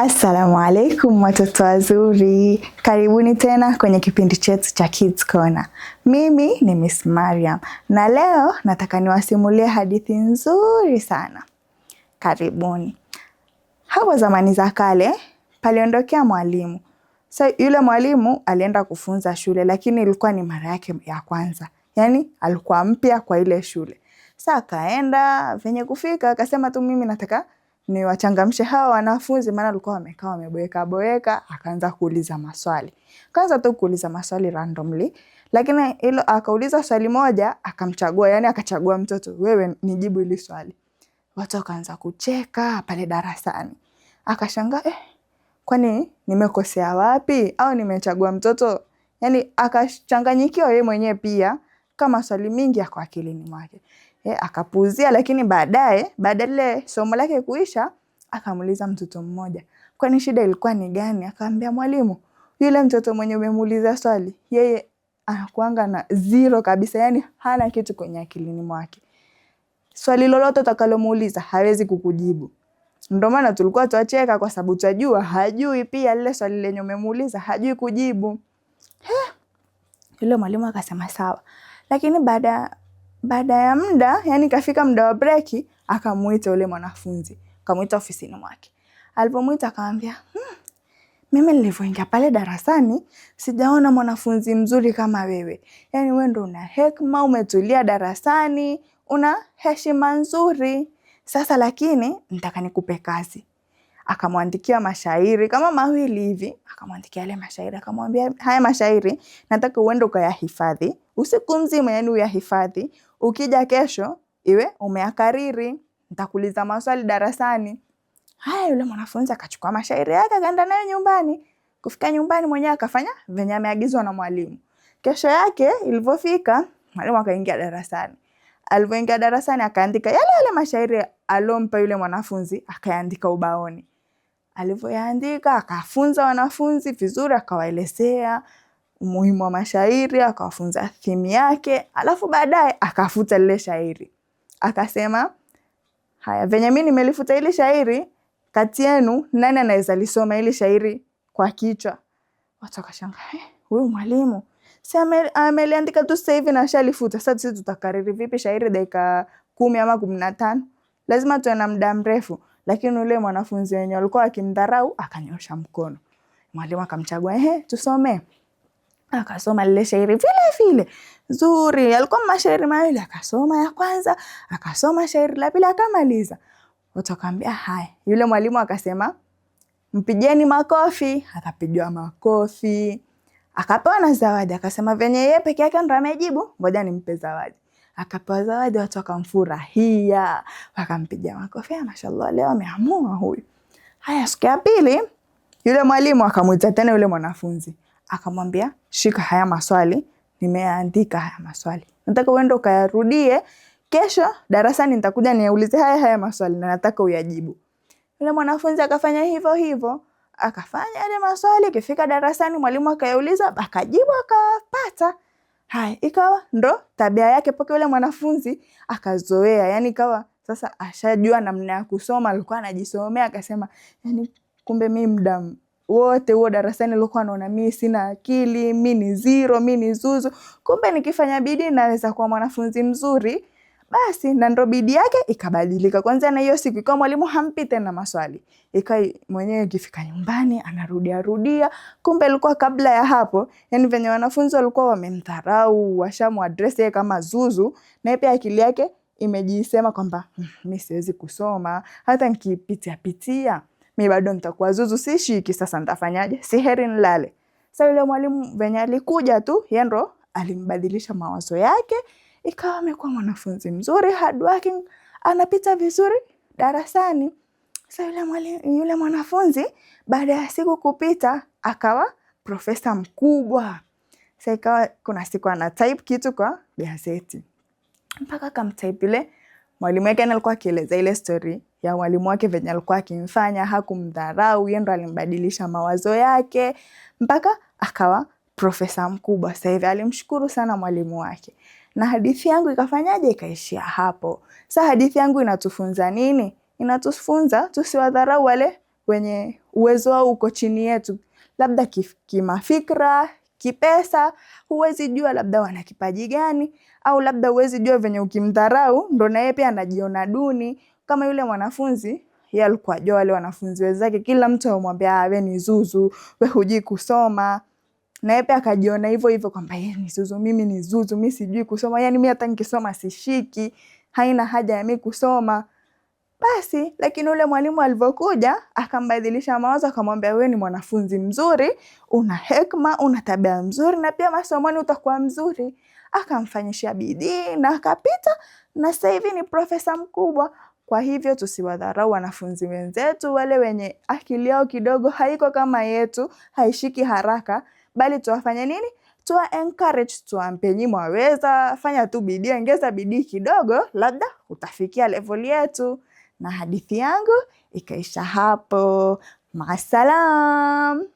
Assalamu alaikum watoto wazuri, karibuni tena kwenye kipindi chetu cha Kids Corner. Mimi ni Miss Mariam na leo nataka niwasimulie hadithi nzuri sana. Karibuni. Hapo zamani za kale paliondokea mwalimu. So, yule mwalimu alienda kufunza shule lakini ilikuwa ni mara yake ya kwanza, yaani alikuwa mpya kwa ile shule. Sa akaenda venye kufika akasema tu mimi nataka niwachangamshe hawa wanafunzi, maana walikuwa wamekaa wameboeka boeka. Akaanza kuuliza maswali, kaanza tu kuuliza maswali randomly, lakini hilo akauliza swali moja akamchagua, yani akachagua mtoto, wewe nijibu hili swali. Watu wakaanza kucheka pale darasani, akashangaa eh, kwani nimekosea wapi au nimechagua mtoto? Yani akachanganyikiwa yeye mwenyewe pia, kama swali mingi yako akilini mwake eh, akapuuzia, lakini baadaye baada lile somo lake kuisha akamuuliza mtoto mmoja, kwani shida ilikuwa ni gani? Akaambia mwalimu, yule mtoto mwenye umemuuliza swali, yeye anakuanga na zero kabisa, yani hana kitu kwenye akilini mwake. Swali lolote utakalomuuliza hawezi kukujibu. Ndio maana tulikuwa tuacheka, kwa sababu tajua hajui, pia lile swali lenye umemuuliza hajui kujibu. Eh, yule mwalimu akasema sawa, lakini baada baada ya muda, yani kafika muda wa breki, akamuita yule mwanafunzi, akamwita ofisini mwake. Alipomwita akamwambia, hmm, mimi nilivyoingia pale darasani sijaona mwanafunzi mzuri kama wewe. Yani wewe ndo una hekima, umetulia darasani, una heshima nzuri. Sasa lakini nitaka nikupe kazi akamwandikia mashairi kama mawili hivi, akamwandikia yale mashairi, akamwambia haya mashairi nataka uende ukayahifadhi usiku mzima, yani uyahifadhi, ukija kesho iwe umeakariri, ntakuuliza maswali darasani. Haya, yule mwanafunzi akachukua mashairi yake akaenda nayo nyumbani. Kufika nyumbani mwenyewe akafanya venye ameagizwa na mwalimu. Kesho yake ilivyofika, mwalimu akaingia darasani. Alivyoingia darasani, akaandika yale yale mashairi alompa yule mwanafunzi, akayaandika ubaoni alivyoyaandika, akafunza wanafunzi vizuri, akawaelezea umuhimu wa mashairi, akawafunza thimu yake, alafu baadaye akafuta lile shairi, akasema haya, venye mi nimelifuta hili shairi, kati yenu nani anaweza lisoma hili shairi kwa kichwa? Watu wakashanga, eh, huyu mwalimu si ameliandika tu sasa hivi na shalifuta. Sasa sisi tutakariri vipi shairi dakika kumi ama kumi na tano? Lazima tuwe na muda mrefu lakini ule mwanafunzi wenye alikuwa akimdharau akanyosha mkono, mwalimu akamchagua, ehe, tusome. Akasoma lile shairi vile vile zuri, alikuwa mashairi mawili, akasoma ya kwanza, akasoma shairi la pili, akamaliza. Watu wakaambia haya. Yule mwalimu akasema mpigeni makofi, akapigwa makofi, akapewa na zawadi. Akasema venye yeye peke yake ndo amejibu, ngoja nimpe zawadi akapewa zawadi, watu wakamfurahia, wakampiga makofi, ah, mashallah, leo ameamua huyu. Haya, siku ya pili yule mwalimu akamwita tena yule mwanafunzi akamwambia, shika haya maswali, nimeandika haya maswali, nataka uende ukayarudie kesho darasani, nitakuja niulize haya haya maswali na nataka uyajibu. Yule mwanafunzi akafanya hivyo hivyo, akafanya yale maswali. akifika darasani, mwalimu akayauliza, akajibu, akapata. Haya, ikawa ndo tabia yake mpaka yule mwanafunzi akazoea, yani ikawa sasa ashajua namna ya kusoma, alikuwa anajisomea, akasema yani, kumbe mi muda wote huo darasani nilikuwa naona mi sina akili, mi ni zero, mi ni zuzu, kumbe nikifanya bidii naweza kuwa mwanafunzi mzuri basi na ndo bidii yake ikabadilika. Kwanza na hiyo siku ikawa mwalimu hampi tena maswali, ikawa mwenyewe ikifika nyumbani anarudia rudia. Kumbe alikuwa kabla ya hapo, yani venye wanafunzi walikuwa wamemdharau, washamwadress yeye kama zuzu, na pia akili yake imejisema kwamba hmm, mi siwezi kusoma, hata nkipitia pitia mi bado nitakuwa zuzu, sishiki. Sasa ntafanyaje? Si heri nlale. Sa yule mwalimu venye alikuja tu, yendo alimbadilisha mawazo yake ikawa amekuwa mwanafunzi mzuri, hard anapita vizuri darasani. Sasa yule mwalimu, yule mwanafunzi baada ya siku kupita akawa profesa mkubwa. Sasa ikawa kuna siku ana type kitu kwa gazeti mpaka akamtype ile mwalimu wake, alikuwa akieleza ile story ya mwalimu wake venye alikuwa akimfanya, hakumdharau yeye, ndo alimbadilisha mawazo yake mpaka akawa profesa mkubwa. Sasa hivi alimshukuru sana mwalimu wake na hadithi yangu ikafanyaje, ikaishia hapo. Sasa hadithi yangu inatufunza nini? Inatufunza tusiwadharau wale wenye uwezo wao uko chini yetu, labda kimafikra, kipesa. Huwezi jua labda wana kipaji gani, au labda huwezi jua venye ukimdharau ndo na yeye pia anajiona duni. Kama yule mwanafunzi yeye alikuwa jua wale wanafunzi wenzake, kila mtu amwambia ah, we ni zuzu, we hujui kusoma naye pia akajiona hivyo hivyo kwamba yeye eh, ni Zuzu, mimi ni Zuzu, mimi sijui kusoma, yani mimi hata nikisoma sishiki, haina haja ya mimi kusoma. Basi lakini ule mwalimu alivyokuja akambadilisha mawazo, akamwambia wewe ni mwanafunzi mzuri, una hekma, una tabia mzuri na pia masomoni utakuwa mzuri. Akamfanyisha bidii na akapita, na sasa hivi ni profesa mkubwa. Kwa hivyo tusiwadharau wanafunzi wenzetu, wale wenye akili yao kidogo haiko kama yetu, haishiki haraka bali tuwafanye nini? Tuwa encourage, tuwampe nyinyi mwaweza, fanya tu bidii, ongeza bidii kidogo, labda utafikia level yetu. Na hadithi yangu ikaisha hapo. Maasalam.